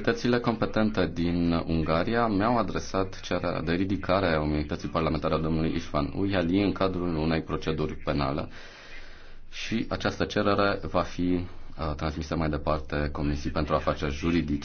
Autoritățile competente din Ungaria mi-au adresat cererea de ridicare a imunității parlamentare a domnului Ișvan Uiali în cadrul unei proceduri penale și această cerere va fi uh, transmisă mai departe Comisiei pentru Afaceri Juridice.